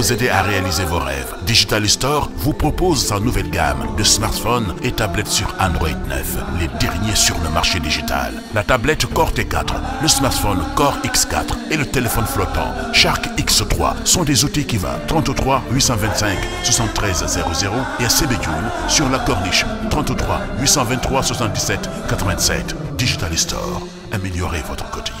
vous aider à réaliser vos rêves. Digital Store vous propose sa nouvelle gamme de smartphones et tablettes sur Android 9, les derniers sur le marché digital. La tablette Core T4, le smartphone Core X4 et le téléphone flottant Shark X3 sont des outils qui va et à sur la Corniche Digital Store, améliorez votre quotidien.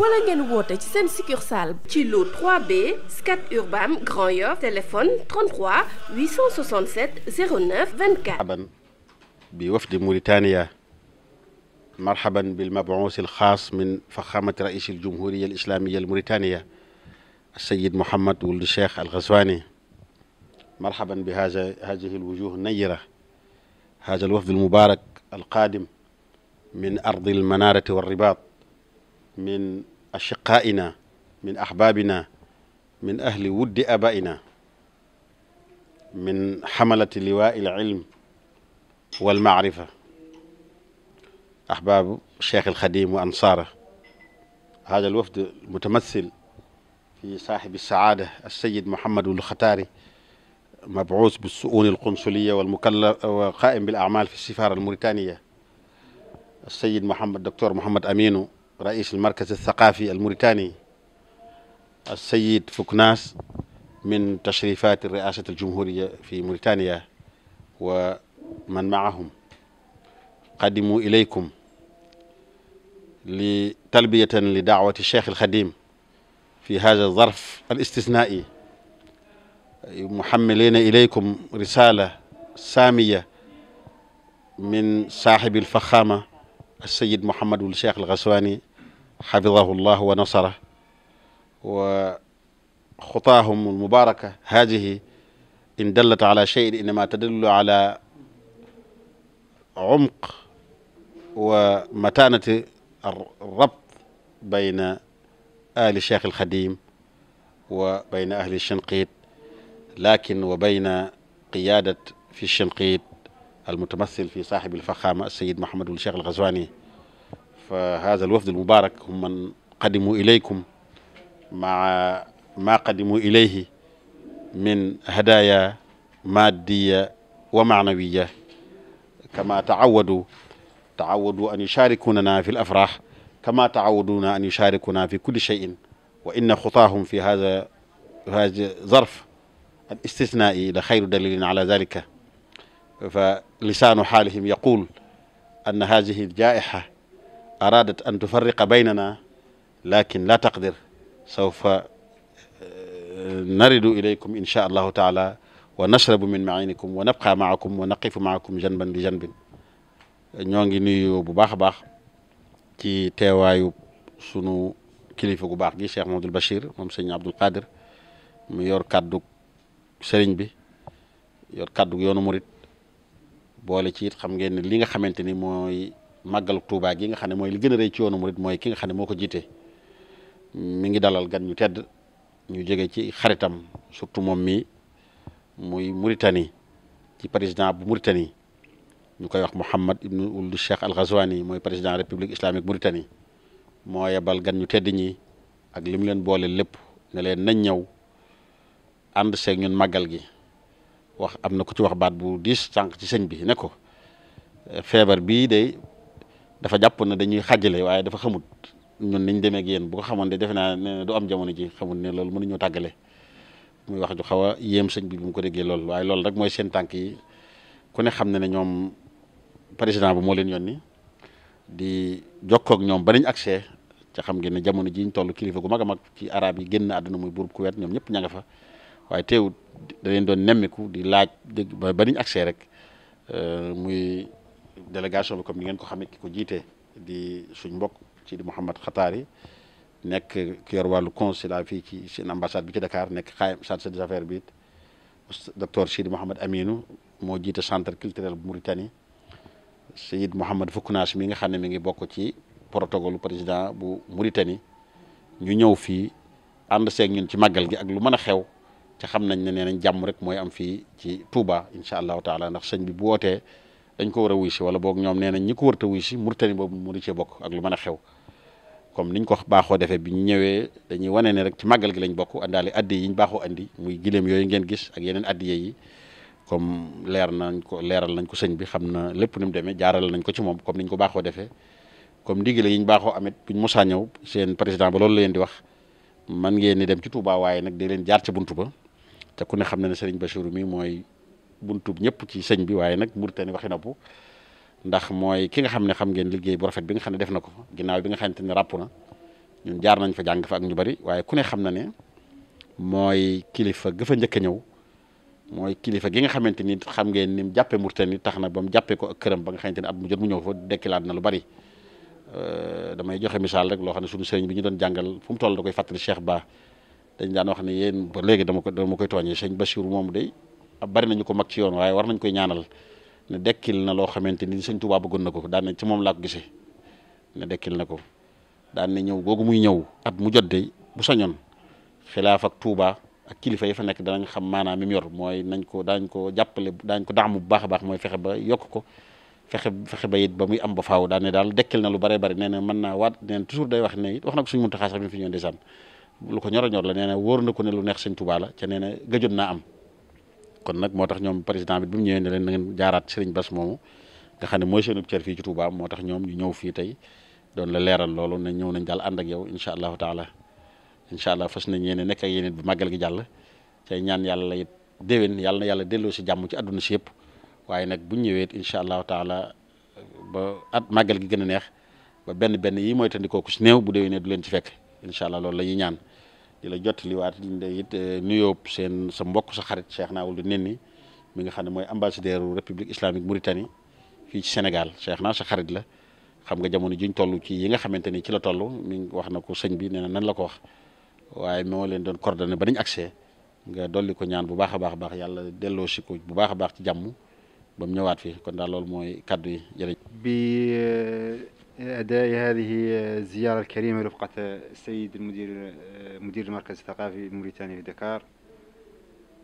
wala ngeen woote ci seen succursale ci lu 3B Scat Urbam Grand Yoff téléphone 33 867 09 24 marhaban bi wafdi Mauritania marhaban bil mabuus al xaas min faxamati rais al jumhuriya al islamia al Mauritania السيد محمد ولد الشيخ الغزواني مرحبا بهذا هذه الوجوه النيرة هذا الوفد المبارك القادم من أرض المنارة والرباط min ashiqaa'ina min ahbaabina min ahli wuddi abaa'ina min xamalati liwaa il ilm wal maarifa ahbaabu cheikh alxadim wa ansaara hada alwafd mutamasil fi saaxibi saada alsayid mohamadul xataari mabuus bi suuni alqonsuliya wal mukalla wa qaa'im bil aamaal fi sifaara almuritaniya alsayid mohamad docteur mohamad aminu رئيس المركز الثقافي الموريتاني السيد فوكناس من تشريفات رئاسة الجمهورية في موريتانيا ومن معهم قدموا إليكم لتلبية لدعوة الشيخ الخديم في هذا الظرف الاستثنائي محملين إليكم رسالة سامية من صاحب الفخامة السيد محمد الشيخ الغسواني xafidahu llah wa nasara wa xutaahum almubaraka haadihi in dallat ala cheyin innama tadallu ala umq wa matanati rabt bayna ahli cheikh alxadim wa bayna ahli shinqit lakin wa bayna qiyadat fi shinqit almutamasil fi saaxibi alfaxaama alsayid mahamadul cheikh alxazwani فهذا الوفد المبارك هم من قدموا إليكم مع ما قدموا إليه من هدايا مادية ومعنوية كما تعودوا تعودوا أن يشاركوننا في الأفراح كما تعودونا أن يشاركونا في كل شيء وإن خطاهم في هذا هذا ظرف الاستثنائي لخير دليل على ذلك فلسان حالهم يقول أن هذه الجائحة aradat an tufarriqa baynana lakin la taqdir sawfa naridu ilaykum insha allahu taala wa nashrabu min mainikum wa nabqa maakum wa naqifu maakum janban li ñoo ngi nuyu bu baax a baax ci teewaayu sunu kilifa gu baax gi Cheikh Mahmadul Bachir moom sëñ Abdul Qadir mu yor kàddu sëriñ bi yor kàddu yoonu murit boole ci it xam ngeen ne li nga xamante ni mooy màggalu Tuubaa gi nga xam ne mooy li gën a ci yoonu murit mooy ki nga xam moo ko jiite mi ngi dalal gan ñu tedd ñu jege ci xaritam surtout moom mii muy Mauritanie ci président bu Mauritanie ñu koy wax Mouhamad ibnu Ould Cheikh Al Ghazouani mooy président république islamique Mauritanie moo yebal gan ñu tedd ñi ak li leen boole lépp ne leen nañ ñëw ànd seeg ñun màggal gi wax am na ku ci wax baat bu diis sànq ci sëñ bi ne ko feebar bii de dafa jàpp na dañuy xajale waaye dafa xamut ñun niñ demee ak yéen bu xamoon de defe naa ne du am jamono ji xamut ne loolu mënuñoo tàggale muy wax ju xaw a yéem sëñ bi bi mu ko déggee loolu waaye loolu rek mooy seen tànk yi ku ne xam ne ne ñoom président bi moo leen yónni di jokkook ñoom ba nañ accès ca xam ngeen ne jamono ji ñu toll kilifa gu mag a mag ci araab yi génn àdduna muy buurub Kuwait ñoom ñëpp ña nga fa waaye teewut da leen doon nemmiku di laaj dégg ba ba niñ accès délégation bi comme ni ngeen ko xamee ki ko jiite di suñ mbokk ci di Mouhamed Khatari nekk ki yor wàllu consulat fii ci seen ambassade bi ci Dakar nekk xaayam chargé des affaires bi docteur Sidi Mouhamed Aminou moo jiite centre culturel bu Mauritanie Seyid Mouhamed Foukounaache mi nga xam ne mi ngi bokk ci protocole président bu Mauritanie ñu ñëw fii ànd seeg ñun ci màggal gi ak lu mën a xew ci xam nañ ne nee nañ jàmm rek mooy am fii ci Touba incha allahu taala ndax sëñ bi bu wootee dañ ko war a wuy si wala boog ñoom nee nañ ñi ko wërta wuy si Mauritanie boobu mu di cee bokk ak lu mën a xew comme niñ ko baaxoo defee bi ñu ñëwee dañuy wane ne rek ci màggal gi lañ bokk àndaale addi ñu baaxoo andi muy gileem yooyu ngeen gis ak yeneen addi yi comme leer nañ ko leeral nañ ko sëñ bi xam na lépp ni demee jaaral nañ ko ci moom comme niñ ko baaxoo defee comme ndigale yi ñu baaxoo amit buñ mosaa ñëw seen président ba loolu la di wax man ngeen ni dem ci Touba waaye nag di leen jaar ci buntu ba te ku ne xam na ne ba si mi mooy buntu ñëpp ci sëñ bi waaye nag Mauritanie waxi nopp ndax mooy ki nga xam ne xam ngeen liggéey bu rafet bi nga xam ne def na ko fa ginnaaw bi nga xamante ne ràpp na jaar nañ fa jàng ñu bari waaye ku ne xam na ne mooy kilifa ga fa njëkk ñëw mooy kilifa gi nga xamante ni xam ngeen ni mu jàppee Mauritanie tax na ba mu jàppee ko ak këram ba nga xamante ne at mu jot mu ñëw fa dekkilaat na lu bari euh, damay joxe misaal rek loo xam ne suñu sëriñ bi ñu doon jàngal fu mu toll da koy fàttali Cheikh Ba dañ daan wax ne yéen ba léegi dama ko dama koy tooñee sëñ Bachir moom day Ah, bari nañu ko mag ci yoon waaye war nañ koy ñaanal ne dekkil na loo xamante ni sëñ Tuubaa bëggoon na ko daan na ci moom laa ko gisee ne dekkil na ko daan na ñëw googu muy ñëw at mu jot de bu sañoon xilaaf ak Tuubaa ak kilifa yi fa nekk danañ xam maanaam mi mu yor mooy nañ ko daañ ko jàppale daañ ko daamu bu baax baax mooy fexe ba yokk ko fexe fexe ba it ba muy am ba faaw daan ne daal dekkil na lu bare bari nee na mën naa waat nee na toujours day wax ne it wax na ko suñu muntaxaa sax mi fi ñëw ndeysaan lu ko ñor ñor la nee na wóor na ko ne lu neex sëñ la ca na gëjoon naa am kon nag moo tax ñoom président bi bi mu ñëwee ne leen na ngeen jaaraat Serigne Bass moomu nga xam ne mooy seen cër fii ci Touba moo tax ñoom ñu ñëw fii tey doon la leeral loolu ne ñëw nañ daal ànd yow incha allah taala incha allah fas nañ yéene nekk ak bu màggal gi jàll tey ñaan yàlla it déwén yàlla yàlla delloo si jàmm ci àdduna si yëpp waaye nag bu ñëwee incha allah taala ba at màggal gi gën a neex ba benn benn yi mooy tandikoo ku si new bu déwénee du leen ci fekk incha allah la ñuy ñaan di la jottaliwaat it eh, nuyoo seen sa mbokk sa xarit na Naa Ould Neny mi nga xam ne mooy ambassadeur république islamique Mauritanie fii ci Sénégal Cheikh na sa xarit la xam nga jamono jiñ toll ci yi nga xamante ni ci la toll mi wax na ko sëñ bi nee na nan la ko wax waaye moo leen doon coordonné ba dañ accès nga dolli ko ñaan bu baax a baax a baax yàlla delloo si ko bu baax a baax ci jàmm ba ñëwaat fii kon daal loolu mooy kaddu yi أداء هذه الزيارة الكريمة رفقة السيد المدير مدير المركز الثقافي الموريتاني في دكار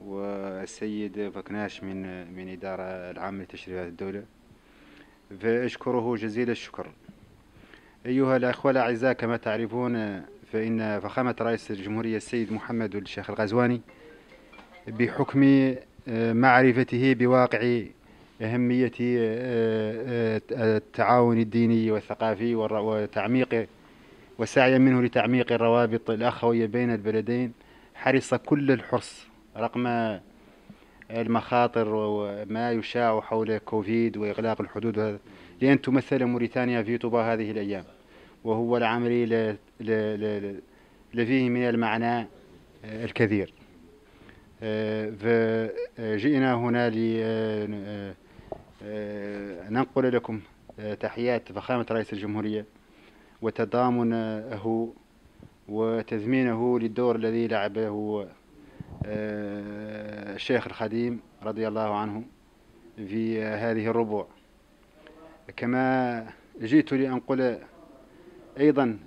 والسيد فكناش من من إدارة العامة لتشريعات الدولة فأشكره جزيل الشكر أيها الأخوة الأعزاء كما تعرفون فإن فخامة رئيس الجمهورية السيد محمد الشيخ الغزواني بحكم معرفته بواقع أهمية التعاون الديني والثقافي وتعميقه وسعيا منه لتعميق الروابط الأخوية بين البلدين حرص كل الحرص رغم المخاطر وما يشاع حول كوفيد وإغلاق الحدود هذا لأن تمثل موريتانيا في طوبى هذه الأيام وهو العمل لفيه من المعنى الكثير فجئنا هنا ل ننقل لكم تحيات فخامة رئيس الجمهورية وتضامنه وتزمينه للدور الذي لعبه الشيخ الخديم رضي الله عنه في هذه الربوع كما جئت لأنقل أيضا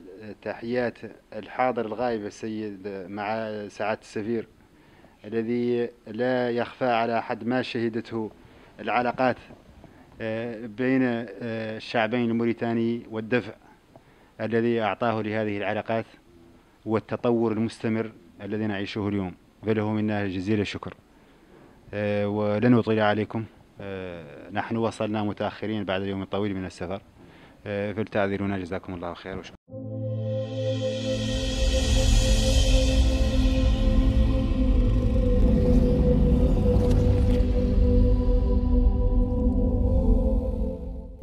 تحيات الحاضر الغائب السيد مع سعادة السفير الذي لا يخفى على أحد ما شهدته العلاقات بين الشعبين الموريتاني والدفع الذي أعطاه لهذه العلاقات والتطور المستمر الذي نعيشه اليوم فله منا جزيل الشكر ولن أطيل عليكم نحن وصلنا متأخرين بعد يوم طويل من السفر فلتعذرونا جزاكم الله خير وشكرا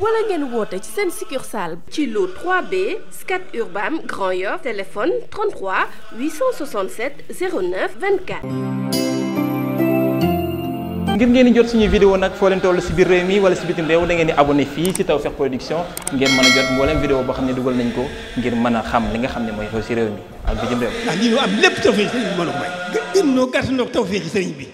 wala ngeen woote ci seen succursale ci lu 3B Scat Urbam Grand Yoff téléphone 33 867 09 24 ngir ngeen di jot suñuy vidéo nag foo leen toll si biir réew mi wala si bitim réew da ngeen di abonné fii si Tawfekh Production ngeen mën a jot mboolem vidéo boo xam ne dugal nañ ko ngir mën a xam li nga xam ne mooy xew si réew mi ak bitim réew. ndax lii ñu am lépp Tawfekh ci bi sëriñ bi.